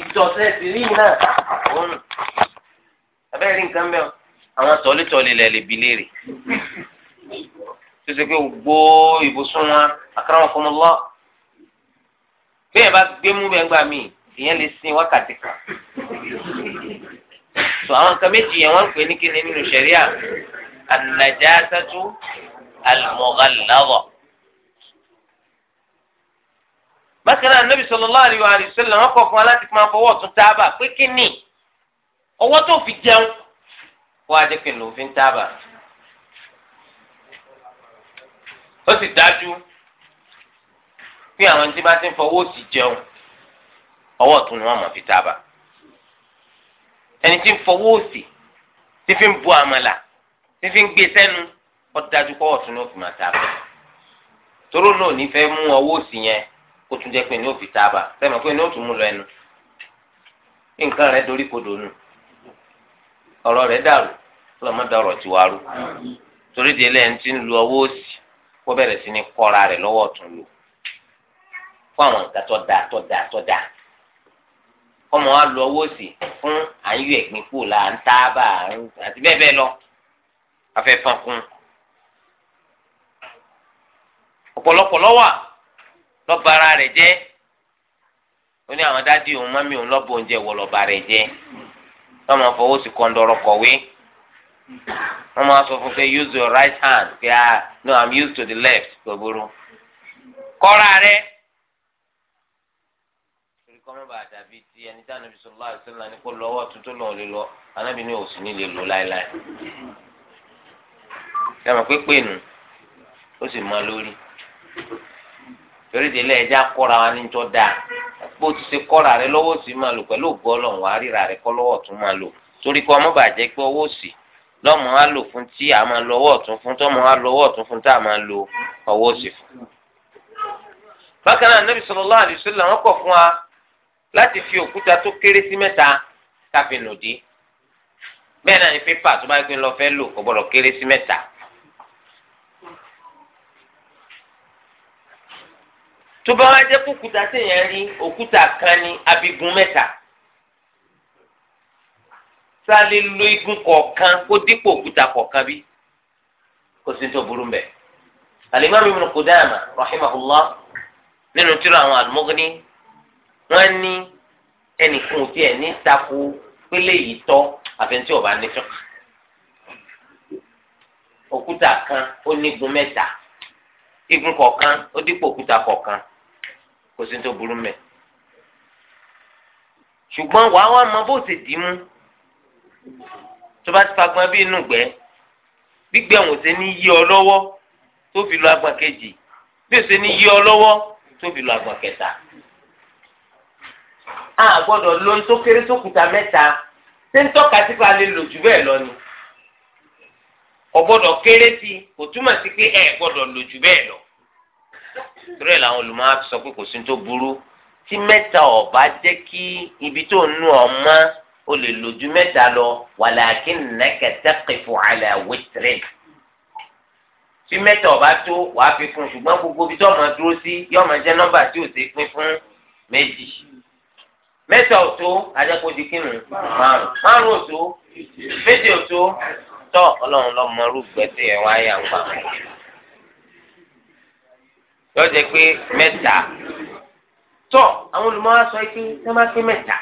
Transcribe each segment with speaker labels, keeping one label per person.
Speaker 1: ìjọsẹ̀ ti rí náà òórùn abẹ́rẹ́ nǹkan mẹ́wàá àwọn tọ́lítọ́lì lẹ̀ lè bi léèrè tó ṣe pé gbó ìbùsùn wọn àkàràwọn fún mi lọ bí ẹ bá gbé mú bẹ́ẹ̀ gbà mí ìyẹn lè sin wákàtí kan tó àwọn nǹkan méjì yẹn wọ́n ń pè ní kíni nínú ṣẹ̀ríà ànàjà sátú àlùmọ̀gàlàwọ̀. bákan náà nabi sallallahu alaihi wasallam wọn kọ̀ fún wa láti máa fọwọ́ tún tábà pé kí ni ọwọ́ tó fi jẹun wọ́n á jẹ́ kí ló fi ń tábà ó sì dájú pé àwọn tí bá ti ń fọwọ́ sí jẹun ọwọ́ tún ni wọ́n máa fi tábà ẹni tí ń fọwọ́ sí tí fi ń bu àmàlà tí fi ń gbé sẹ́nu ó dájú pé ọwọ́ ni wọ́n fi máa tábà toró náà ò ní fẹ́ mú ọwọ́ sí yẹn. kó tún jẹ́ pé ní òfin tábà sẹ́mi pé ní òtún mú lọ ẹnu nǹkan rẹ̀ dorí kodò nù ọ̀rọ̀ rẹ̀ dàrú ti wá rú torí di ẹlẹ́yìn lu ọwọ́ òsì kó bẹ̀rẹ̀ sí ní kọ́ra rẹ̀ lọ́wọ́ ọ̀tún lò fún àwọn nǹkan fún ẹ̀gbìn kù là ń àti lọ́ba ara rẹ̀ onye ó ní àwọn mami òun mọ́mí òun oúnjẹ wọ̀ lọ́ba rẹ̀ jẹ́ wọ́n máa fọwọ́ sí kọ́ńdọ̀rọ̀ kọ̀wé use your right hand pé ah no i'm used to the left gbogbooro kọ́ra rẹ̀ kọ́mọ́bà ti torí délé ẹja kọ́ra wa níjọ́ dáa bó ti ṣe kọ́ra rẹ lọ́wọ́ sí máa lò pẹ̀lú ògbó ọlọ́run wàá ríra rẹ kọ́ lọ́wọ́ tún máa lò torí kọ́ ọmọ bàjẹ́ pé ọwọ́ sí lọ́mọ á lò fún tí a máa lọ́wọ́ ọ̀tún fún tọ́mọ á lọ́wọ́ ọ̀tún fún tá a máa lo ọwọ́ sí fún. bákan náà Nabi sallallahu alaihi wasallam wọ́n kọ̀ fún wa láti fi òkúta tó kéré sí mẹ́ta káfíńdì bẹ́ẹ̀ náà ni pépà tó bá gbé lọ fẹ́ lò kò gbọ́dọ̀ kéré sí mẹ́ta tó bá wá jẹ́ kókúta téèyàn rí òkúta kan ní abigun mẹ́ta sálẹ̀ lo igun kọ̀ọ̀kan kó dípò òkúta kọ̀ọ̀kan bí kò sí tó burú mbẹ́. alimami ibn Qudama rahimahullah nínú tírà àwọn al-Mughni wọ́n ní ẹnìkan ò tiẹ̀ ní tako pélé yìí tọ́ àfẹnusí ọba nífẹ̀ẹ́ òkúta kan ó nígun mẹ́ta igun kọ̀ọ̀kan ó dípò òkúta kọ̀ọ̀kan kò sí tó burú mẹ́ ṣùgbọ́n wàá wá mọ bó ṣe dì í mú tó bá ti fagbọn bí inú gbẹ gbígbẹ òun ṣe ní yí ọ lọ́wọ́ tó fi lọ agbọn kejì bí òun ṣe ní yí ọ lọ́wọ́ tó fi lọ agbọn kẹta a gbọ́dọ̀ lo ń tó kéré tó kùtà mẹ́ta ṣé ń tọ́ka sí pa lè lò jù bẹ́ẹ̀ lọ ni ọgbọ́dọ̀ kéré sí kò túmọ̀ sí pé ẹ gbọ́dọ̀ lò jù bẹ́ẹ̀ lọ torí ẹ̀ làwọn olùmọ̀ á sọ pé kò sí tó burú tí mẹ́ta ọ̀bá jẹ́ kí ibi tó nù ọ́ o lè lójú mẹ́ta lọ wàlàkín nẹ́kẹ̀tẹ́ kẹfù àlẹ́ wẹ́tẹ̀rẹ̀ tí mẹ́ta ọ̀bá tó wàá fi fún ṣùgbọ́n gbogbo ibi tó ọmọ dúró sí yọ ọmọ jẹ́ nọ́mbà tí ò ṣe pín fún méjì mẹ́ta ọ̀tó ajẹ́kọ̀ọ́dì kínú márùn márùn ọ̀tó méjì ọ̀tó tọ́ ọlọ́run lọ́mọ rúgbẹ́sẹ̀ ẹ̀ wáyà ń yóò jẹ pé mẹ́ta tọ àwọn olùmọ̀ wa sọ pé ẹ má pé mẹ́ta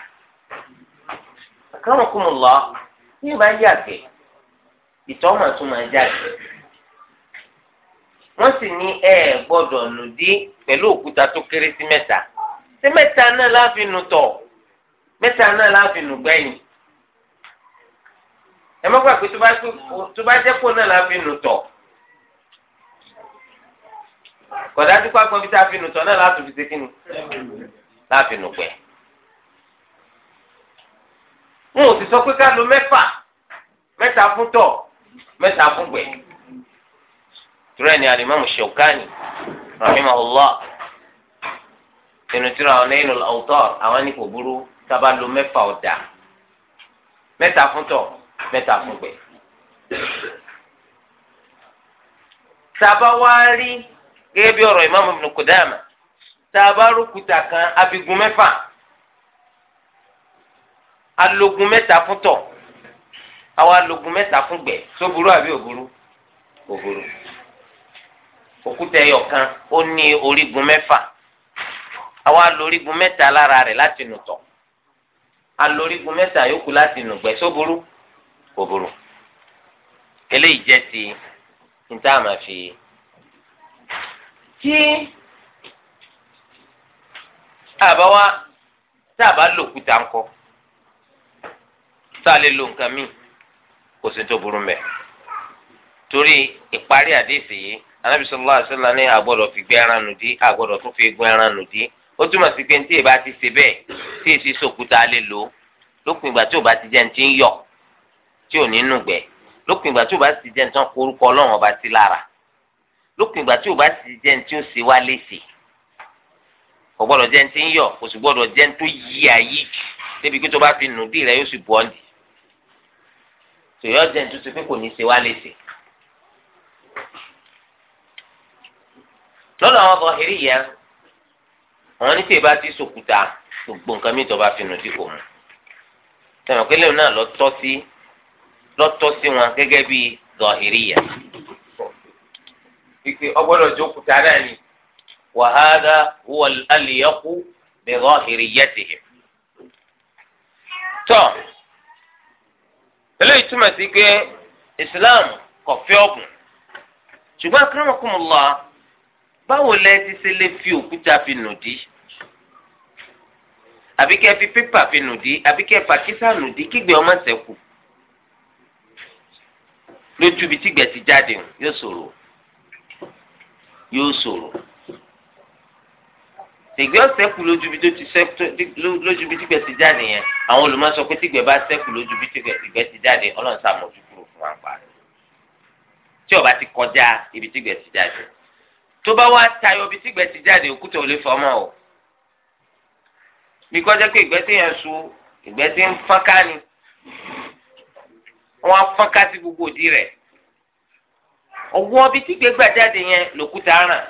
Speaker 1: àkàrà kùmù lọ bí ìbá ń yàgbẹ́ ìtọ́ máa tún máa jáde wọ́n sì ní ẹ gbọ́dọ̀ nù dí pẹ̀lú òkúta tó kéré sí mẹ́ta ṣé mẹ́ta náà láàfin nù tọ̀ mẹ́ta náà láàfin nù gbẹ̀yìn ẹ má gbàgbé tó bá jẹ́ kó náà láàfin nù tọ̀ kọ̀dá tí pápọ̀ bí sáà finú tọ̀ náà láti fi ṣe kínú láti nù pẹ́. n ò sì sọ pé ká lo mẹ́fà mẹ́ta fún tọ̀ mẹ́ta fún gbẹ̀. turẹ̀ ni alimami Shawkani rahimahullah ìnùtúrọ̀ àwọn nínú Awtar àwọn ní burú sábà lo mẹ́fà ọ̀dà mẹ́ta fún tọ̀ mẹ́ta fún gbẹ̀. sábà wá rí gẹ́gẹ́ bí ọ̀rọ̀ ìmáàmù Ibn Qudama tá a bá rúkúta kan abigun mẹ́fà alogun mẹ́ta fún tọ̀ àwọn alogun mẹ́ta fún gbẹ̀ tó burú àbí òburú òburú òkúta ẹyọ kan ó ní orígun mẹ́fà àwọn alórígun mẹ́ta lára rẹ̀ láti nù tọ̀ alórígun mẹ́ta yòókù láti nù gbẹ̀ tó burú òburú eléyìí jẹ́ ti ní tá a máa fi tí àbá wa tá a bá lò kúta ńkọ tá a lè lo nǹkan míì kò sí tó burú mẹ torí ìparí àdéhìsì yìí anábì sallallahu alaihi wasallam ní àgbọ́dọ̀ fi gbé ẹran nù dí àgbọ́dọ̀ tún fi gbé ẹran nù dí ó túmọ̀ sí pé tí ìbá ti ṣe bẹ́ẹ̀ tí èsì sòkúta lè lò lópin ìgbà tí ò bá ti jẹ́ ní ti ń yọ tí ò ní nùgbẹ́ lópin ìgbà tí ò bá ti jẹ́ ní tán korúkọ ọlọ́run ọba ti lára lópin ìgbà tí o bá sì jẹ́ ní tí ó ṣe wá léṣe kò gbọ́dọ̀ jẹ́ ní tí ń yọ̀ kò sì gbọ́dọ̀ jẹ́ ní tó yí ayé débi pé tó bá fi nùdí rẹ̀ yóò sì bọ́ ọ́nì tòyọ́ jẹ́ ní tó ṣe pé kò ní ṣe wá léṣe. lọ́dọ̀ àwọn Zahiri yẹn àwọn oníṣẹ́ ìbá ti sòkúta gbogbo nǹkan mi tó bá fi nùdí kò mú tẹ̀wọ̀n pé náà lọ́tọ́ sí wọn gẹ́gẹ́ bí Zahiri yẹn ìpè ọgbọ́dọ̀ jókòó tààrà ni wàhálà huwa al-yaqu bi zahiriyyatihim. tọ́ eléyìí túmọ̀ sí pé Islam kò fẹ́ ọ̀gùn ṣùgbọ́n akramakumullah báwo lẹ ti ṣe lè fi òkúta fi nùdí àbí kẹ́ fi pépà fi nùdí àbí kẹ́ pàkísà nùdí kígbe ọmọ ṣẹ́kù lójú ibi tígbẹ̀ ti jáde yóò ṣòro yóò ṣòro tìgbẹ́ ọ̀sẹ̀kù lójú bí tó ti sẹ́kù lójú bí tìgbẹ́ ti jáde yẹn àwọn olùmọ̀ sọ pé tìgbẹ́ bá sẹ́kù lójú bí tìgbẹ́ ti jáde ọlọ́run sàmójú kúrò fún wa parí tí ó bá ti kọjá ibi tìgbẹ́ ti jáde tó bá wá tayọ ibi tìgbẹ́ ti jáde òkúta ò lè fọmọ o bí kọjá pé ìgbẹ́ ti yẹn su ìgbẹ́ ti ń fọ́nká ni wọ́n á fọ́nká sí gbogbo òdì rẹ̀ ọwọ́ bí tí gbégbá jáde yẹn lòkúta ràn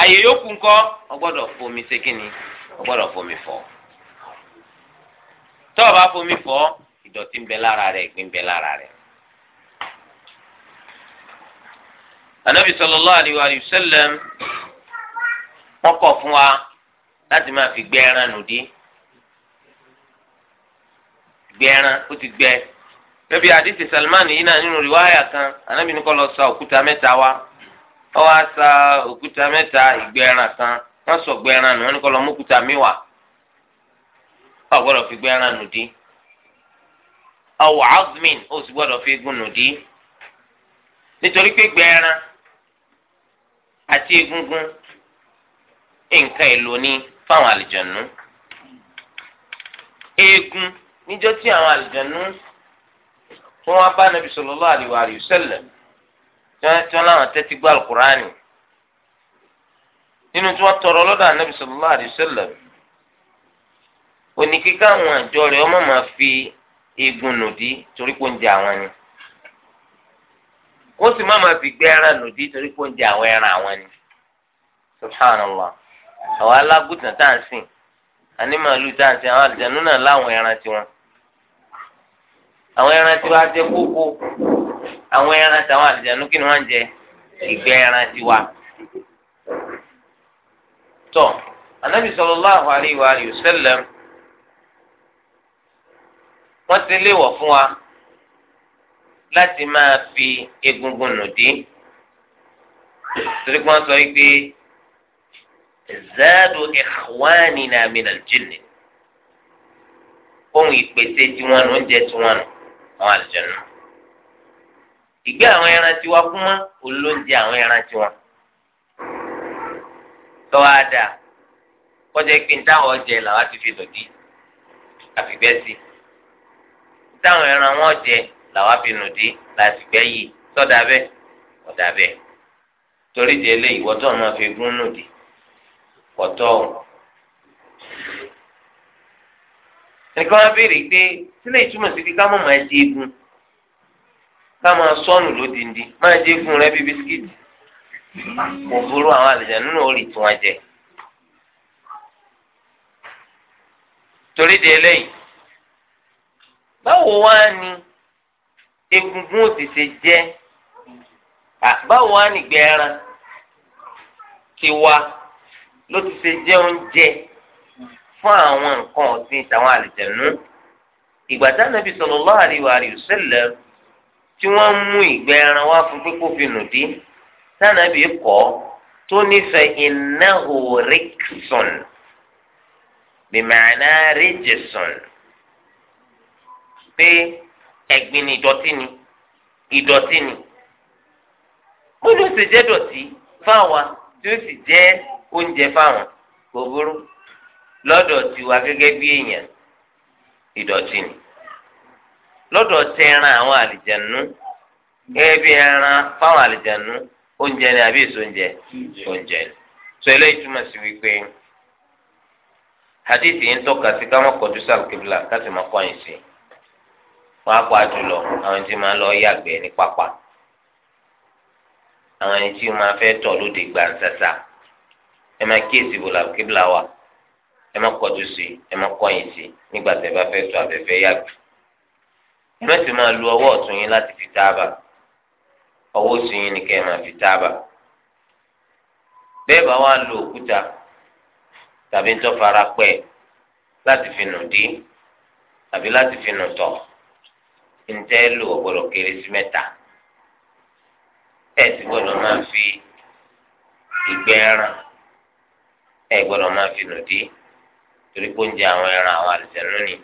Speaker 1: àyè yòókù ńkọ́ ọgbọ́dọ̀ fomi sékìní ọgbọ́dọ̀ fomi fọ̀ tó o bá fomi fọ̀ ìdọ̀tí ń lára rẹ̀ ìgbín ń lára rẹ̀. anabi sallallahu fi gbẹ ẹran nù dí gbẹ ti gbẹ. bẹ́ẹ̀bi àdìsí Salman yìí náà nínú rìwáyà kan anabi ní kó lọ sa òkúta mẹ́ta wa ó wá sa òkúta mẹ́ta ìgbẹ́ran kan wọ́n sọ gbẹ́ran nù wọ́n ní kó lọ mú òkúta míwà wọ́n gbọ́dọ̀ fi gbẹ́ran nù dín awọ azmin ó sì gbọ́dọ̀ fi egun nù dín nítorí pé gbẹ́ran àti egungun nǹkan èlò ni fáwọn àlìjọ̀nù eegun níjọ́ tí àwọn àlìjọ̀nù wọn wá bá nàbì sallallahu alaihi wa alihi wasallam tí wọn láwọn tẹ́tí nínú tí wọn tọrọ lọ́dọ̀ ànàbì sallallahu alaihi wasallam oníkíkà àwọn àjọ rẹ̀ ọmọ máa fi eegun nòdì torí pé oúnjẹ àwọn ni wọ́n sì má máa fi gbé ẹran àwọn ẹran àwọn ni subhanallah àwọn alágùtàn àwọn ẹran tí wàá jẹ kókó àwọn ẹran tí àwọn àlìjánu kí ni wọ́n ń jẹ ìgbẹ́ ẹran tí wà. tọ anabi sallallahu alaihi wa alihi wasallam wọ́n ti léèwọ̀ fún wa láti máa fi egungun nù dé torí wọ́n sọ pé zaadu ikhwanina minal jinni ohun ìpèsè tiwọn nù oúnjẹ tiwọn nù. àwọn àlùjẹ̀nù. ìgbé àwọn ẹran tiwa kú mọ́ olóúnjẹ àwọn ẹran tiwa. tọ́wọ́ á dà kọjá pé ní táwọn ọjẹ làwọn ti fi dọ̀dí àfìgbẹ́ sí táwọn ẹran wọn jẹ làwọn fi nùdí làfìgbẹ́ yìí sọ́dà bẹ́ẹ̀ ọ̀dà bẹ́ẹ̀ torí di eléyìí fi gún nìkan sílẹ̀ ìtumọ̀ sí pé ká má máa jẹ egun ká máa sọ́nù lódindi máa jẹ egun rẹ bíi bisikíìtì kò burú àwọn àlejò nínú orí tí wọ́n jẹ. torí di eléyìí báwo wá ni egungun ò ti ṣe jẹ báwo wá ni ìgbẹ́ ẹran ti wá ló ti ṣe jẹ oúnjẹ fún àwọn nǹkan ọ̀sìn ìtàwọn àlejò nínú. ìgbà tí anabi sallallahu alaihi wa sallam tí wọ́n mú ìgbẹ́ ẹran wá fún pé kó fi nù dí tànàbí kọ́ tó nífẹ̀ẹ́ innahu rikson bìmọ̀nà pé ni ìdọ̀tí ni ìdọ̀tí ni ó ló sì jẹ́ dọ̀tí fáwa tí ó sì jẹ́ oúnjẹ fáwọn ìdọ̀tí ni lọ́dọ̀ tẹ ẹran àwọn àlìjẹ̀nu gẹ́gẹ́ bí ẹran fáwọn àlìjẹ̀nu oúnjẹ ni àbí èso oúnjẹ ni sọ eléyìí túmọ̀ sí wípé hadith yìí ń tọ́ka sí ká kọjú sí àlùkébìlà ká sì má kọ̀yìn sí wọn ya jùlọ àwọn tí máa lọ yàgbẹ́ ní pápá àwọn tí máa fẹ́ tọ̀ lóde gbàǹsàsà ẹ máa kíyèsí wa. ẹ má kọjú sí i ẹ má kọ̀yìn sí i nígbà tẹ́ bá fẹ́ sọ abẹ́fẹ́ yàgbẹ́ ẹ má sì máa lu ọwọ́ ọ̀tún yín láti fi tábà ọwọ́ òsì yín ni kẹ́ ẹ máa fi tábà bẹ́ẹ̀ bá wá lo òkúta tàbí ń fara pẹ́ láti fi nù dí tàbí láti fi nù tọ̀ ntẹ́ lò ọ̀gbọ́dọ̀ kéré sí mẹ́ta ẹ̀ máa fi ìgbẹ́ ẹran ẹ̀ gbọ́dọ̀ máa fi nù dí. torí pé oúnjẹ àwọn ẹran àwọn àlùjànnú ni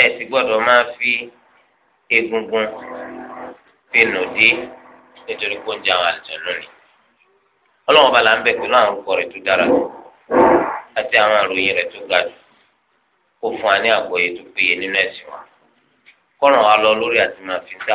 Speaker 1: ẹ sì gbọ́dọ̀ máa fi egungun fi nùdí nítorí pé oúnjẹ àwọn àlùjànnú ni ọlọ́wọ́n la ń bẹ̀ pẹ̀lú àwọn orúkọ rẹ̀ tó dára àti àwọn àròyìn rẹ̀ tó ga jù kó fún wa ní tó péye nínú ẹ̀sìn wa kọ́ràn wa lọ lórí àti máa fi tá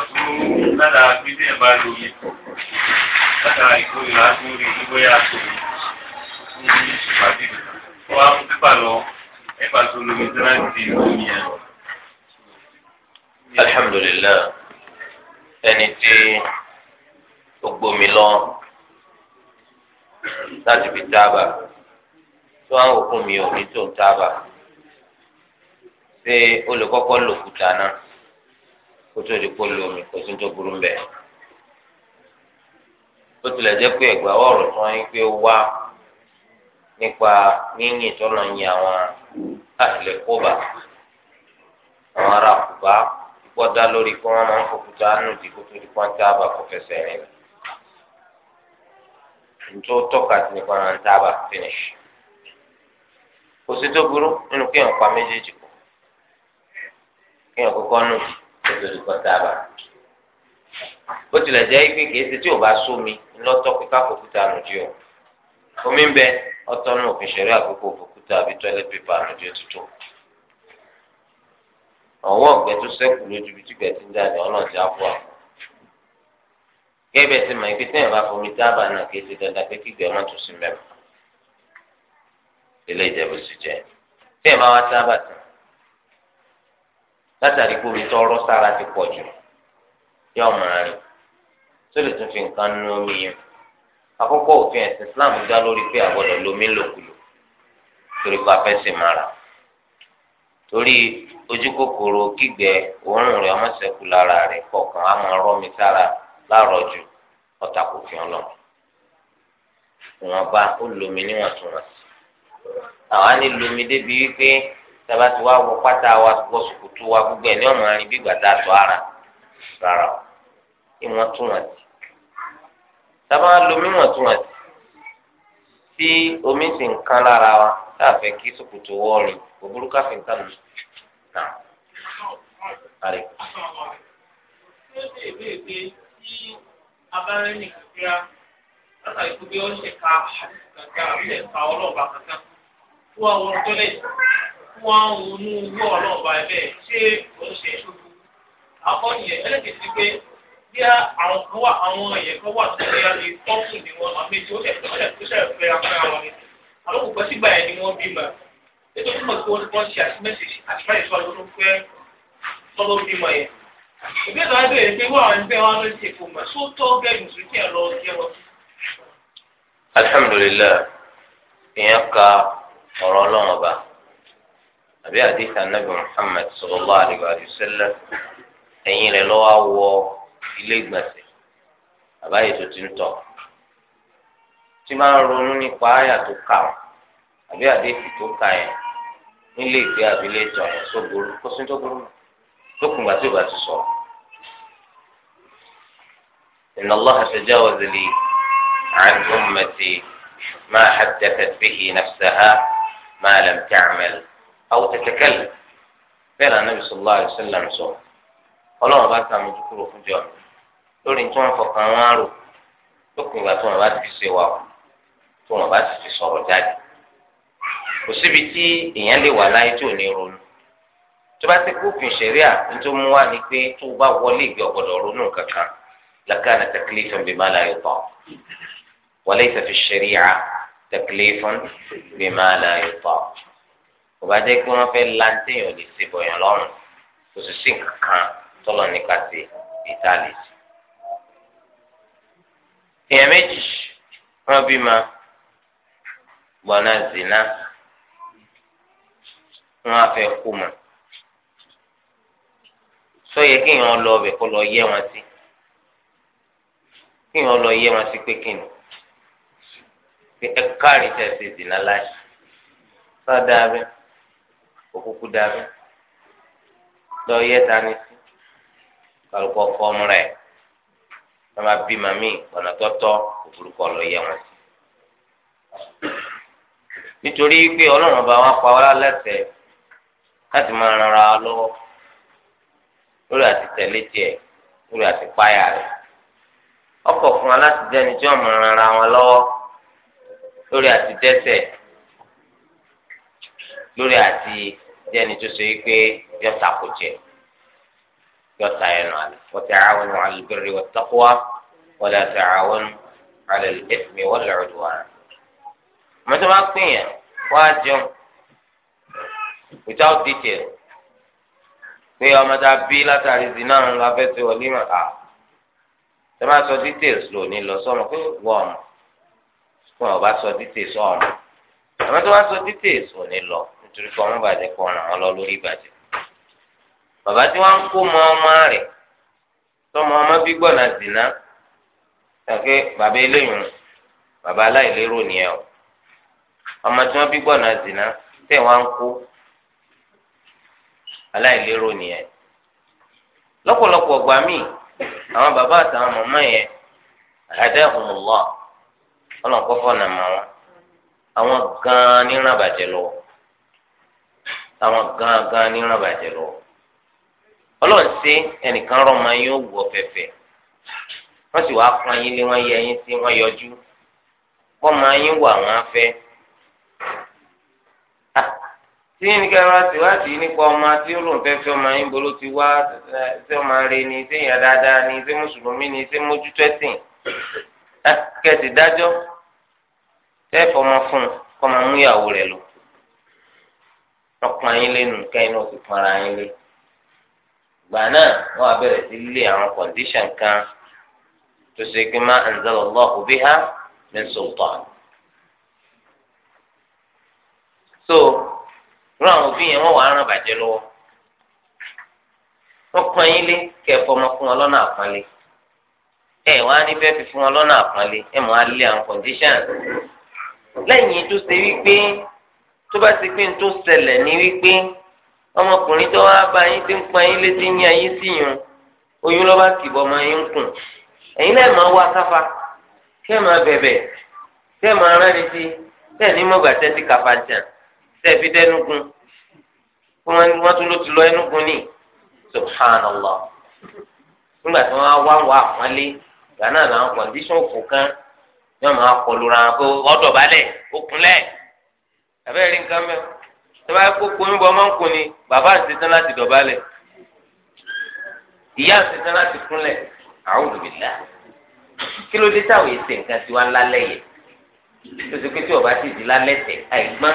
Speaker 2: ọ̀tún lára pípé ẹ̀ bá lò yẹ látara ìkórìíra tó rí ní bóyá tó ní ìpàdé wọn á mú pípà lọ ẹ̀fà tó lómi tó náà ti lómi yẹn.
Speaker 1: alhamdulilayi ẹni tí ó gbomi lọ láti fi tábà tó àwọn òkú mi ò ní tó ń tábà ṣé olùkọ́kọ́ lòkúta náà. kó tó di kó lómi kó tó burú mbẹ ó tilẹ̀ jẹ́ pé ẹ̀gbà ọ̀rọ̀ tí wọ́n gbé wá nípa yíyìn tọ́nà yin àwọn àìlẹ̀ kóbà àwọn ará kùbá púpọ̀ dá lórí kí wọ́n máa ń fòkúta nù di kó fẹsẹ̀ rìn nítorí ó tọ́ka sí finish nítorí kọ́ tábà bó tilẹ̀ jẹ́ pé kìí ṣe tí o bá sómi pípa kòkúta o omi ń bẹ ọtọ́ náà òfin ṣẹ̀rí àkókò kòkúta àbí toilet paper nùdí o tuntun ọwọ́ ọ̀gbẹ́ tó sẹ́kù lójú bí tìgbẹ́ ti ń ọ̀nà ti á fọ́ àwọn ti mọ̀ ìpín sẹ́yìn bá fomi tábà náà kìí ṣe dandan pé kígbẹ́ má tún sí ilé ìjẹ́bù sì jẹ́ látàrí kó omi tó ọ̀rọ̀ sára ti pọ̀ jù yóò máa rìn tó lè tún fi nǹkan nu omi yẹn àkọ́kọ́ òfin ẹ̀sìn Islam dá lórí pé àgbọ́dọ̀ lomi lòkulò torí pé afẹsẹ máa rà torí ojú kòkòrò kígbẹ òórùn rẹ̀ ọmọṣẹkù lára rẹ̀ kọ̀ọ̀kan á máa rọ mi sára láàárọ̀ jù ọ̀tà kò fi ọ lọ ìwọ̀nba ó lomi níwọ̀ntúnwọ̀nsì àwa ní lomi débi wípé tàbá tí wàá wọ pátá wa wọ sùkùtù wa gbogbo ẹ ní ọmọ arin bí gbàtà sọ ara rárá ìwọ̀ntúnwọ̀nsì tàbá lo míwọ̀ntúnwọ̀nsì tí omi sì ń kan lára wa tá a fẹ́ kí sùkùtù wọrin òbúrú káfí ń kàn náà àlè.
Speaker 2: abárẹ́nì kíkíra lọ́nà ìkúgbé ó ṣe ka àti kankan fún
Speaker 3: àwọn tó lè wọ́n á ń mú owó
Speaker 2: ọlọ́ọ̀bá ẹ̀bẹ̀ ṣé òun ṣe é ṣubú. ẹlẹ́kẹ̀sí pé bí àwọn kan wà àwọn ẹ̀yẹ kan wà tó ṣe àti kọ́ọ̀kù ni wọ́n máa méjì ó ṣe tó tó ṣe fẹ́ afẹ́ra wọn ni. àwọn kò gbọ́sí gbà yẹn ni wọ́n bímọ. ètò ìmọ̀ tí wọ́n wọ́n ṣe àtìmẹ́sì àtìmẹ́sì sọ
Speaker 1: alhamdulilayi ìyẹn ka ọ̀rọ̀ àbí àdìsá nàbì muhammed sallallahu alaihi wa sallam ẹ̀yìn rẹ̀ lọ́wọ́ wọ ilé gbẹ̀sẹ̀ àbáyé tó ti ń tọ̀ tí máa ń ronú nípa àyà tó kà ọ́ àbí àdìsí tó kà yẹn nílé ìgbé àbílẹ̀ ìtọ̀ yẹn sóború kó sí tó ború lókùngbà tí ò bá ti sọ̀rọ̀. إن الله تجاوز لي عن أمتي ما حدثت به نفسها ما لم تعمل àwọn tẹtẹkẹlẹ bẹ́ẹ̀ náà nàbì sọlá àdìsẹlẹ sọ Ọlọ́run bá sàmójú kúrò fún jọ lórí tí wọn fọkàn wọn rò lópin ìgbà tí wọn bá ti fi ṣe wa o tí wọn bá ti fi sọ̀rọ̀ jáde kò síbi tí èèyàn lè wà láyé tí ò ní ronú tó bá ti kófin ṣẹ̀ríà nítorí mú wá ni pé tó bá wọlé ìgbé ọ̀gbọ́dọ̀ ronú kankan lakana taklifan bima la yuta wa laysa fi ṣẹ̀ríà taklifan bima la yuta kò bá jẹ́ pé wọ́n fẹ́ lantéèyàn lè ṣe bọ̀yàn lọ́rùn kò sì sí kankan tọ́lọ̀ nípa ti ìtàlẹ̀ sí. èèyàn méjì wọ́n bímọ gbọ́nà zina wọ́n á fẹ́ kú mọ́ sọ yẹ kéèyàn lọ ọbẹ̀ kó lọ yẹ wọn sí kéèyàn lọ yẹ wọn sí pé kíni pé ẹ káàrí tẹ̀sí zina láì sọ́dọ̀ abẹ́. kúkú lọ yẹ tani sí kálukọ fọmù rẹ wọn bi mami màmí tọtọ tọ́tọ́ òfurufú yẹ wọn si. nítorí pé ọlọ́run ọba wa pa wá lẹ́sẹ̀ láti máa ran ara lórí àti lori ati lórí àti páyà fún wa láti tí máa wọn lórí àti jẹ́ ẹni tó ṣe é pé yọ tako jẹ yọ ta ẹnu àlẹ wa ta'awanu 'ala al-birri wat-taqwa wa la ta'awanu 'ala al-ithmi wal-'udwan. mọ́tò máa pín yẹn wọ́n á jẹun without detail pé ọmọ tá a bí látàrí zina ń la fẹ́ ṣe wọlé mà á ṣe máa sọ details lónìí lọ sọmọ pé wọ́n ọmọ fún ọba sọ details ọmọ àmọ́ tó bá sọ details ò ní lọ. nítorí kí ọmọ bàjẹ́ kó ràn án lọ lórí bàbá tí wọ́n ń kó mọ ọmọ rẹ̀ tọmọ ọmọ bí gbọ́nà zìnà bàbá eléyìí bàbá aláìlérò nìyẹn o ọmọ tí wọ́n bí gbọ́nà zìnà tẹ̀ wọ́n ń kó aláìlérò nìyẹn lọ́pọ̀lọpọ̀ ọgbà míì àwọn bàbá àtàwọn mọ̀mọ́ yẹn àdáhùn lọ́ọ̀ wọn àwọn gan-an bàjẹ́ àwọn gangan ní ràbàjẹ́ lọ. ọlọ́run ṣe ẹnìkan rọ́mọ yín ó wọ fẹ̀fẹ̀ wọ́n sì wáá pọn yín lé wọ́n yẹ yín sí wọ́n yọjú wọ́n máa yín wà wọ́n á fẹ́. Ah, tí nìkẹ́rọ ti wá sí nípa ọmọ tí ó lòun fẹ́ẹ́ fẹ́ ọmọ yín bolo ti wá ṣé ọmọ rẹ ni ṣé ìyá dáadáa ni ṣé mùsùlùmí ni ṣé mójútó ẹ̀sìn ah, kẹ́sì dájọ́ tẹ́ẹ̀fọ́ ọmọ fún un kọ́ máa mú ìyàwó rẹ̀ lọ. ọkàn yín lẹ́nu kẹ́yìn náà ti pọnra yín lé ìgbà náà wọ́n sí àwọn kan tó ṣe pé má anzala so rán àwọn òbí yẹn wọ́n wàá ràn bàjẹ́ lọ́wọ́ wọ́n pọn yín lé na ọmọ fún wọn lọ́nà ẹ á ní fi fún wọn lọ́nà ẹ mọ̀ á lé àwọn tó bá ti pín tó ṣẹlẹ̀ ní wípé ọmọkùnrin tó wá bá yín ti ń pa yín létí yín ayé sí yín oyún ló bá kìbọ̀ ọmọ yín ń kùn ẹ̀yin náà máa wá sáfa kẹ́ ẹ̀ máa bẹ̀bẹ̀ kẹ́ ẹ̀ máa rẹ́ni sí tẹ́ ẹ̀ ní mọ̀gbà tẹ́ ti kàfà jàn tẹ́ ẹ̀ fi dẹ́nugun wọ́n tún ló ti lọ ẹnugun ní subhanallah nígbà tí wọ́n wá wà àpọ́nlé gánà làwọn kọ̀ǹdíṣọ̀n òfò kan yóò máa kọlu ra pé ọ̀dọ̀ balẹ̀ ó kúnlẹ̀ abẹ́rẹ́ rí nǹkan mẹ́wọ́ tọ́ba yẹ kó kóyún bọ́ máa ń kún ni bàbá ń ṣetán láti dọ̀bálẹ̀ ìyá ń ṣetán láti kúnlẹ̀ a'udhu billah kí ló dé táwọn èsì nǹkan tiwa ńlá lẹ́yẹ̀ tó ṣe pé tí ọba ti di lálẹ́ tẹ̀ àìgbọ́n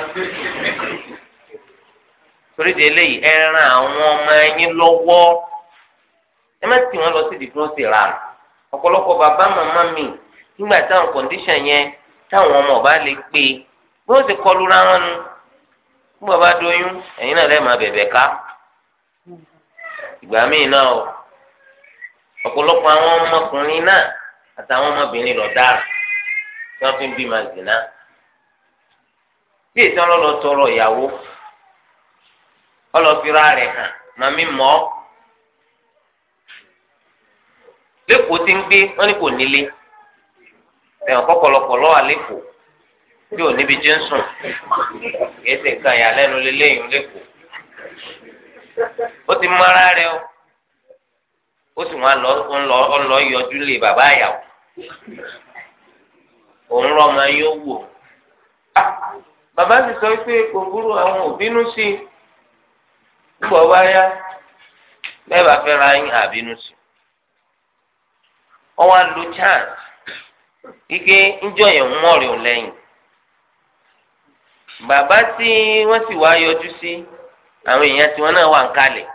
Speaker 1: torí de eléyìí ẹ ran àwọn ọmọ ẹyin lọ́wọ́ ẹ má tì wọ́n lọ sí ìdìbò sí ra ọ̀pọ̀lọpọ̀ bàbá màmá mi nígbà táwọn kọ̀ǹdíṣàn yẹn táwọn ọmọ ọba lè pè é bó ti kọlu ra wọn nu bí bàbá doyún ẹ̀yin náà lẹ́ẹ̀ máa bẹ̀bẹ̀ ká ìgbà míì náà o ọ̀pọ̀lọpọ̀ àwọn ọmọkùnrin náà àtàwọn ọmọbìnrin lọ dára tí wọ́n fi ń bímọ zìnà bí ètò ọlọ́lọ́ tọrọ ìyàwó ọlọ́fíra rẹ̀ hàn mọ́ lẹ́kọ̀ọ́ ti ń gbé wọ́n ní kò nílé ẹ̀wọ̀n lọ́wọ́ tí ò níbi jí ń sùn kìí ṣe nǹkan ìyàlẹ́nu lélẹ́yìn ti mọ́ra rẹ o ó sì wọn lọ ńlọ yọjú lé bàbá àyàwó òun rọmọ yóò wò ah! bàbá sì sọ pé kòkúrú àwọn òbínú sí i wáyá bẹ́ẹ̀ bá fẹ́ ra yín àbínú sí i ike ń jọyọ̀ ń lẹ́yìn. bàbá tí wọ́n sì wá yọjú sí àwọn èèyàn tí wọ́n náà wà ń kalẹ̀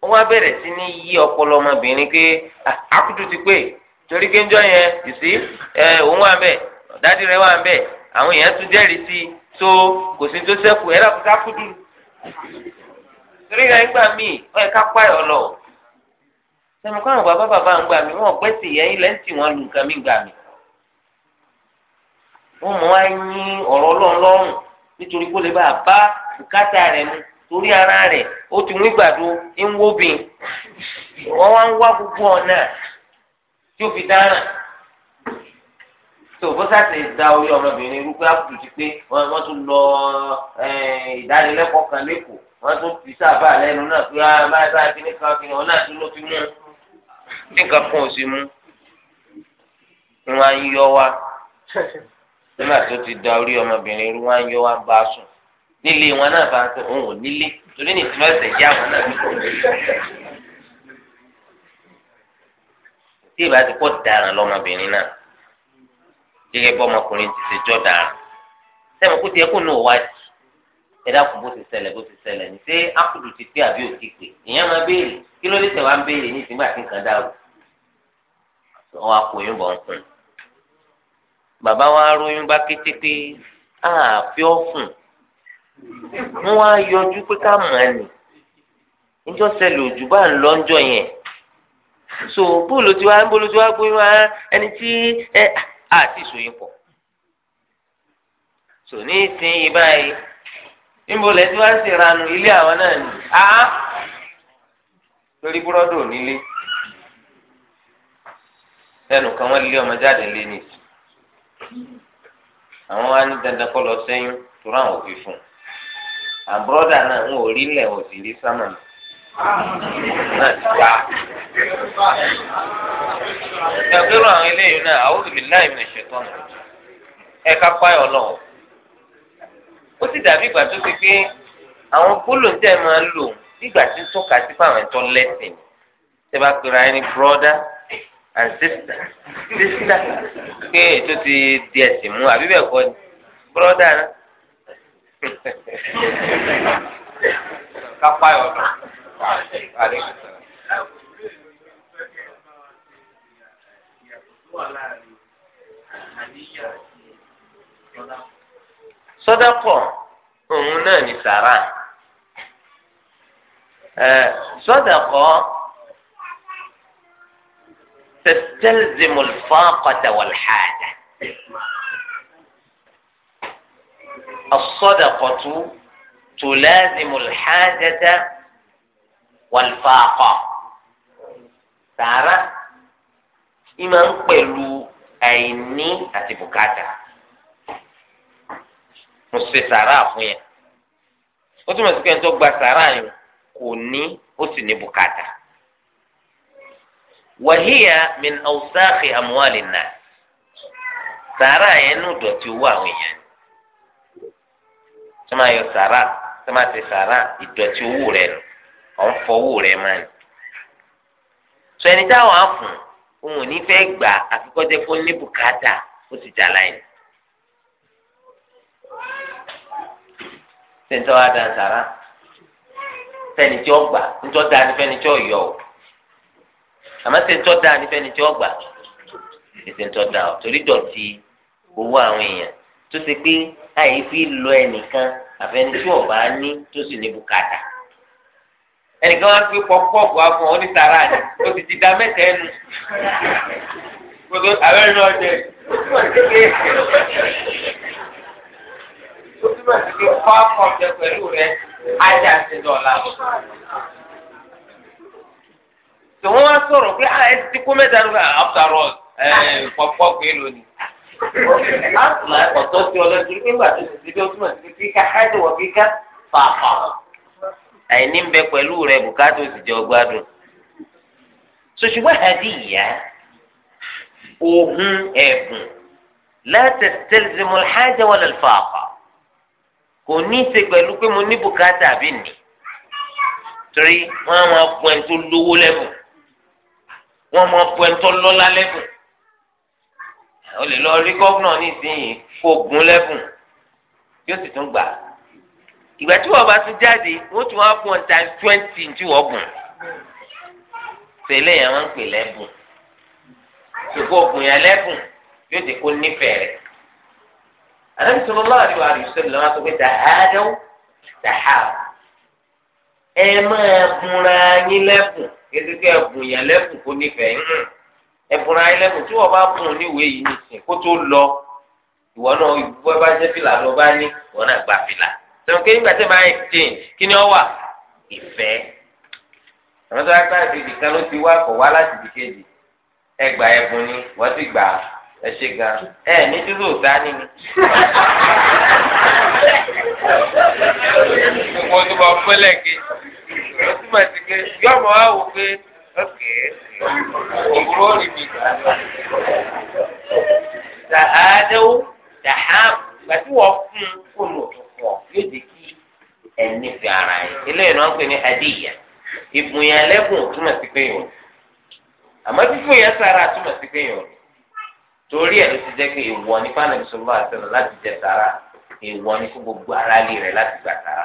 Speaker 1: wọ́n wá bẹ̀rẹ̀ sí ní yí ọpọlọ ọmọbìnrin pé akutu ti pé torí kéńjọ yẹn ìsí ẹ òun wà bẹ́ẹ̀ ọ̀dádì rẹ̀ wà bẹ́ẹ̀ àwọn èèyàn tún jẹ́rìí sí i tó kò sí tó sẹ́kù ẹ̀ lákòókò akutu torí ìyá ìgbà míì ọ̀ ẹ̀ká pààyàn lọ sẹ́mi kọ́ bàbá bàbá ń gbà mí wọ́n gbẹ́sì yẹn ilẹ̀ ń tì wọ́n lu nǹkan mí gbà mí. wọ́n mọ̀ wá yín ọ̀rọ̀ nítorí kó lè bá a bá bùkátà rẹ̀ mu torí ara rẹ̀ ó ti wí gbàdo ń wọn wá ń wá gbogbo ọ̀nà tí ó fi tó ọmọbìnrin ti pé tún lọ ìdánilẹ́kọ̀ọ́ kan lẹ́kọ̀ọ́ tún fi lẹ́nu náà pé máa ah, dá kíní kan náà wa nígbà tó ti da orí ọmọbìnrin rú wá ń yọ wá ń bá a sùn nílé wọn náà bá ń sọ òun ò nílé torí ní ìtumọ̀ ẹ̀sẹ̀ jẹ́ àwọn náà nílò tí ìbá ti pọ̀ dáràn lọ́mọbìnrin náà gẹ́gẹ́ bọ́ ọmọkùnrin ti ṣe jọ́ dáràn sẹ́mi kú tiẹ̀ kó nù wájú ẹ̀dá kò bó ti ṣẹlẹ̀ bó ti ṣẹlẹ̀ ní ṣé ákùdù ti pé àbí òkè pé ìyẹn máa béèrè kí ló dé tẹ̀ wá béèrè ní ìsìngbà tí nǹkan dárò bàbá wa ròyìn bá kété pé àfi ọ̀fun wọn wá yọjú pé ká mọ̀ ẹ́ nì níjọ́ sẹ́lẹ̀ òjò bá ń lọ ńjọ́ yẹn so bóòlù tí wàá bóòlù tí wàá gbé wá ẹni tí ẹ àti ìsòyìn pọ̀ so ní ìsinyìí báyìí níbo lẹ tí wàá sì ranù ilé àwọn náà nì á lórí búrọ́dù nílé lẹ́nu kan wọ́n lé ọmọ jáde lé nìyí àwọn wa ní dandan kọ́ lọ sẹ́yìn tóra àwọn òfin fún àbúrọ́dà náà ń ò rí lẹ̀ ò sì rí sámà
Speaker 3: náà ti pa. ìdàgbérò àwọn eléyìí
Speaker 1: náà àwọn òbí láì mi ṣètò ọ̀nà ẹ̀ka páyọ̀ náà ó sì dàbí ìgbà tó ti pé àwọn gbólóhùn tẹ́ máa ń lò nígbà tí ń tọ́ka sí fáwọn ẹ̀tọ́ lẹ́sìn tẹ́ bá pera ẹni búrọ́dà and sister
Speaker 2: sister
Speaker 1: pé ètò ti di ẹ̀sìn mú àbí bẹ́ẹ̀ kọ́ ni brother náà kápá ọ̀dọ̀ sọdọpọ òun náà ní sàrà sọdọpọ. تستلزم الفاقة والحاجة الصدقة تلازم الحاجة والفاقة ترى إمام pẹ̀lú àìní àti bùkátà mo ṣe sàrà fún yẹn ó túmọ̀ sí pé ẹni tó gba sàrà yẹn kò ní ó sì ní bùkátà. wàhíyà min a amuwali nà sàrà yẹn nù dọ̀tí owó àwọn èèyàn yọ sàrà ti sàrà ìdọ̀tí owó rẹ nù ọ̀n fọwọ́ rẹ máa nì sọ ẹni táwọn afùn òun ò ní fẹ́ gbà àfikọ́jẹ́ fún ní ó ti jà láyìn sẹ́ńtọ́ wa sàrà tí àmọ́ ṣe ń tọ́ da nífẹ̀ẹ́ ni tí ó gbà ṣe ń tọ́ da ọ torí dọ̀tí owó àwọn èèyàn tó ṣe pé àyè fi lọ ẹnìkan àfẹni tí ò bá ní tó sì ní bùkátà ẹnìkan wá fi pọpọ́ọ̀pù wá fún ọ ní sàrà ni ó ti ti da mẹ́ta ẹnu gbogbo àwọn ẹni ọjọ́ yìí
Speaker 2: ó túbọ̀ sí pé fáwọn ọ̀jẹ̀ pẹ̀lú rẹ ajá
Speaker 1: ti dọ̀la tó wọ́n wá sọ̀rọ̀ pé à ah, ẹ ti kó mẹ́ta ló ká after all ẹ pọpọ pé lónìí. asùnà ẹ̀kọ́ tó ti ọlọ́jú nígbà tó ti di ọtún mọ̀ sí kíkà háìdì wọ̀ kíkà fàfà. àìní ń bẹ pẹ̀lú rẹ bùkátà ó sì jẹ́ ọgbádùn. sòṣùgbọ́n hadiya òhun ẹ̀bùn láti tẹ̀símù háìdì wọ̀ lẹ́ fàfà. kò ní í ṣe pẹ̀lú pé mo ní bùkátà àbí nì. torí wọ́n á máa pọ̀ ẹni tó lówó lẹ́bùn wọ́n mọ bu ẹni tó lọ́lá lẹ́bùn ó lè lọ rí gọ́vnà nísìnyí kó gun lẹ́bùn yóò sì tún gbà ìgbà tí wọ́n bá tún jáde wọ́n tún wá bùn ọ̀n times twenty tí wọ́n bùn tẹ́lẹ̀ yẹn wọ́n ń pè lẹ́bùn ṣùgbọ́n ògùn yẹn lẹ́bùn yóò ti kó nífẹ̀ẹ́ rẹ̀ àdàbí sọlọ lọ́wọ́ àdìwà àdìwà sọlọ lọ́wọ́ sọ pé tàhádọ́ tàhá ẹ máa bùnra yín lẹ́bùn kéékèèké ẹ̀bùn yẹn lẹ́bùn kó nífẹ̀ẹ́ ń ẹ̀bùn ayé lẹ́bùn tí wọ́n bá bùn níwèé yìí nìsín kó tó lọ ìwọ náà ìbúwẹ́ bá jẹ́ fìlà lọ bá ní ìwọ náà gbà fìlà sọ pé nígbà tí a máa ń exchange kí ni ọ wà ìfẹ́ àwọn tó yàtọ̀ àti ibìkan ló ti wá kọ̀ wá láti ibìkejì ẹgbà ẹ̀bùn ni wọ́n ti gbà ẹ ṣe gan ẹ ní dúró ta ni mi. gbogbo tó bá
Speaker 2: kejì ó túmọ̀ sí pé yọ̀mọ̀ wá wò pé ókè òwúrọ̀ rí mi.
Speaker 1: Sàádẹ́wò dàhám gbàtí wọ́n fún fóònù ọ̀tọ̀kọ̀ yóò dé kí ẹni fi ara yẹn. Eléyìí náà ń pè ní Adéyà. Ìbùnyàn lẹ́bùn túmọ̀ sí pé yòó. Àmọ́ fífún yẹn sára túmọ̀ sí pé yòó torí ẹ ló ti jẹ́ pé ìwọ ní fáànù ìṣòro àtẹnà láti jẹ tààrà ìwọ ní fún gbogbo aráàlú rẹ láti gbà tààrà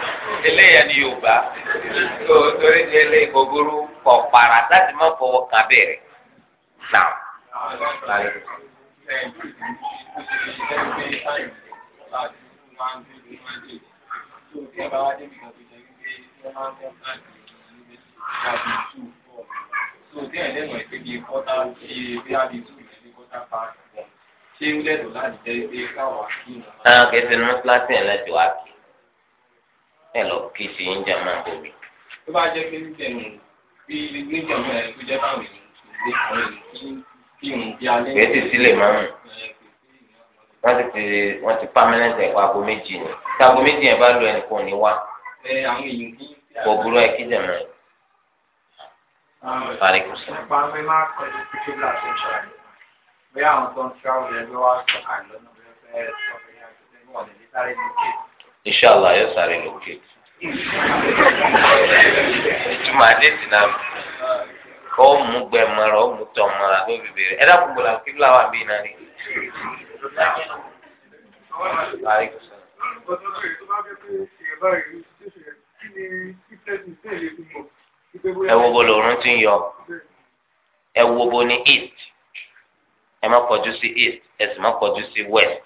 Speaker 1: eléyà ni yorùbá tó torí di eléyìí gbogbooru kọ para láti má fọwọ́ kan bẹ̀rẹ̀ náà.
Speaker 2: Ṣé ó lẹ́tọ̀ọ́ láti
Speaker 1: jẹ́ pé káwọn akíyàn? Àwọn kẹsàn ẹ lọ kí sí ń jà máa bọ̀ mí.
Speaker 2: tó bá jẹ́ pé níjẹ̀mú bí
Speaker 1: níjẹ̀mú ẹ̀ tó jẹ́ báwọn ìlú àwọn ìlú kí n bí alẹ́. kìí sílẹ̀ máa mú wọ́n ti ti wọ́n ti permanent ẹ̀ aago méjì ni tí aago méjì yẹn bá lọ ẹnìkan ò ní wá. kò burú ẹ kí jẹ̀mú ẹ̀. Àríkù sí. Nípa
Speaker 2: mi máa kọ́ ní kíkí bí a ṣe ń ṣàlàyé. àwọn tó ń ṣe àwọn ẹgbẹ́ wa sọ̀kà lọ́nà bí wọ́n fẹ́ sọ fẹ́ yá ìṣẹ́ wọn lè sáré ní kéèkì.
Speaker 1: inṣàlá yóò sáré lókè ìtumọ̀ àdéhùn náà kọ́ ó mú gbẹ mọ́ra ó mú tọ̀ mọ́ra ló fi béèrè ẹ̀dá gbogbo la kí fúláwà bíi náà rí.
Speaker 3: ẹ wo bo lòrùn ti
Speaker 1: ń yọ ẹ wo ní east ẹ má kọjú sí east ẹ sì má kọjú sí west.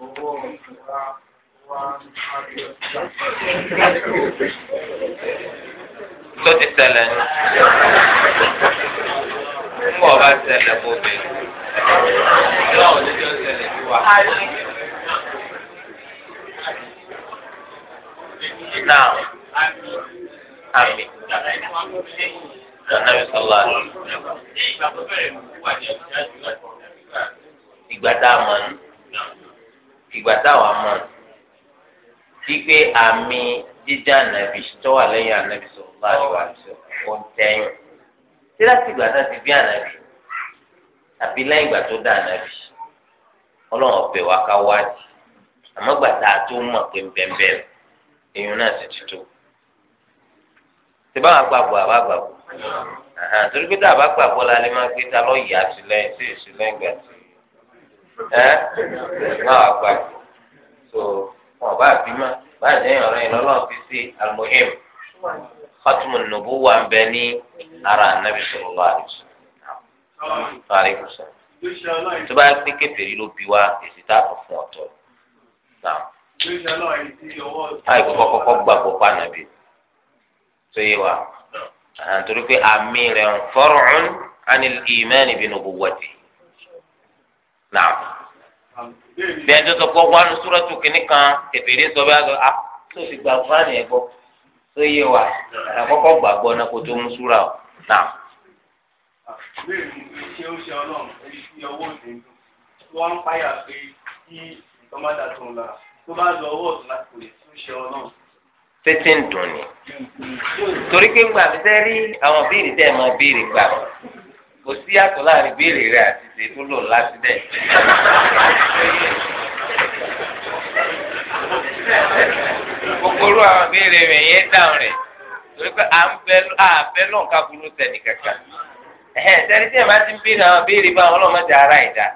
Speaker 3: owó ìgbà wa tó ti
Speaker 1: ṣẹlẹ̀ ní nígbà ọba ṣẹlẹ̀ kó bẹ ìjọ àwọn oníjọ
Speaker 2: ṣẹlẹ̀ sí wa. Now, àmì sanabi sọlá
Speaker 1: ìgbà tá a mọ̀ ní ìgbà táwọn mọ̀ wípé àmì jíjá ànábì tó wà lẹ́yìn ànábì sọ̀rọ̀ bá àríwá àṣọ kò ń tẹ́yìn tí láti ìgbà náà ti bí ànábì tàbí lẹ́yìn ìgbà tó dá ànábì ọlọ́run ọ̀bẹ wa ká wáàdì àmọ́ ìgbà tá a tó mọ̀ pé bẹ́ẹ̀bẹ́ẹ̀ èèyàn náà ti ti tó tí báwọn àgbàgbọ́ àbágbàgbọ́ torí pé tá a bá gbàgbọ́ la lè máa gbé ta lọ́ọ̀yà sílẹ̀ sí ìsílẹ̀ ìgbà tí ẹ náà àgbà so wọn bá bímọ báyìí lẹ́yìn ọ̀rọ̀ yìí lọ́lọ́run fi sí almuhim khatamu nubuwa ń bẹ ní ara anabi sallallahu alaihi wasallam tó bá gbé kébèrè ló bí wa èsì tá a kọ fún ọ̀tọ̀ náà àìkú kọ́kọ́ gbàgbọ́ pa nàbí tó yé wa àtúrò pé àmì rẹ̀ ń fọ́rọ̀ ọ́n ánil ìmánì bí nubuwwati náà bí ẹjọ́ sọ pé wọn sùrọ̀tù kìnnì kan tẹ̀fẹ̀rẹ̀ sọ bí wọn a ah, tó fi gba fúlàní ẹ̀ gbọ́ tó yé wa àkọ́kọ́ gbàgbọ́ náà kó tó mú súra o nà.
Speaker 2: ṣé ó ṣe ọlọ́run ẹni tí ọwọ́ òsè ń dùn wọ́n ń páyà pé kí nǹkan má dà tó ń lára tó bá lọ àwọn
Speaker 1: bíìrì tẹ́ ẹ bíìrì gbàgbọ́. kò sí àtọ̀ láàrin béèrè rẹ àti ṣe tó lò láti bẹ̀. kòkòrò àwọn béèrè rẹ yẹn dáhùn rẹ bẹ náà ká burú kankan. tí ti ń béèrè àwọn béèrè bá ara ìdá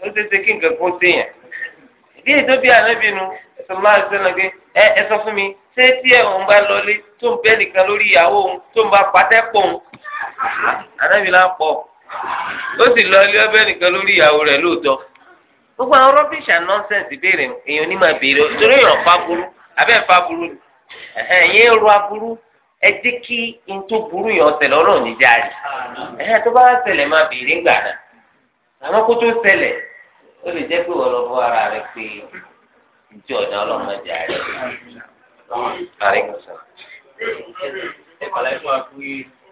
Speaker 1: tó ṣe ṣe kí nǹkan kó séèyàn. ìdí èyí tó bí ẹ̀sọ́ máa ẹ ẹ tí ẹ̀ bá lọlé tó ń bẹ́ nìkan lórí anábìlà pọ̀ o si lọ ilé ọbẹ̀ nìkan lórí ìyàwó rẹ̀ lóòótọ́ gbogbo àwọn rọ́bìṣà nọ́nsẹ̀nsì béèrè èèyàn ní béèrè torí èèyàn fa burú abẹ́ fa burú ni ẹ̀yìn èrò aburú ẹ jẹ́ kí n tó yàn ẹ̀yìn tó bá máa béèrè ara rẹ̀ pé ìjọ ọ̀dà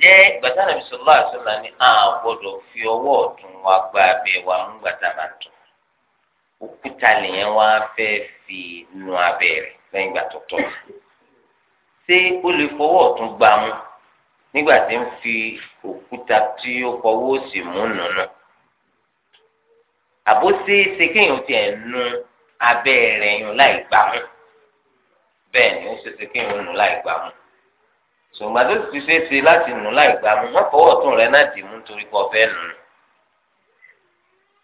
Speaker 3: ǹjẹ́ gbàtà
Speaker 1: nàbí sọlá àṣọlá ni a gbọ́dọ̀ fi ọwọ́ ọ̀tún wa gba abẹ́ wa ń gbàtà máa tún òkúta lèyẹn wá fẹ́ fi nu abẹ́ rẹ̀ lẹ́yìn ìgbà tó tọ́ ṣé ó lè fọwọ́ ọ̀tún gbà mú nígbà tí ń fi òkúta tí ó fọwọ́ òsì mú nùnú àbó ṣe ṣe kéèyàn ti nu abẹ́ rẹ̀ yàn láì gbà mú bẹ́ẹ̀ ni ó ṣe ṣe kéèyàn nù láì gbà mú sògbà tó ti ṣe é ṣe láti nù láì gbà mú wọn fọwọ́ tún rẹ náà dì mú nítorí pé ọ̀fẹ́ nù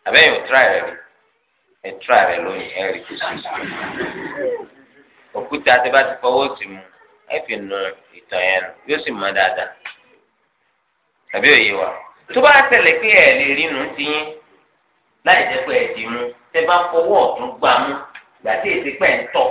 Speaker 1: àbẹ́yìn ò tíra rẹ̀ rí ẹ tíra rẹ̀ lónìí ẹ rí kùsù òkúta tí bá ti fọwọ́ tì mú ẹ fi nù ìtàn yẹn nù yóò sì mọ dáadáa tàbí òye wa tó bá tẹ̀lé pé ẹ lè rí nù ti yín láì jẹ́ pé ẹ dì mú tẹ bá fọwọ́ ọ̀tún gbà mú gbà tí èsì pẹ̀ ń tọ̀.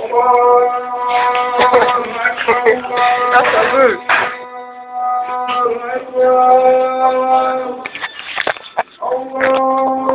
Speaker 3: That's a move. Allah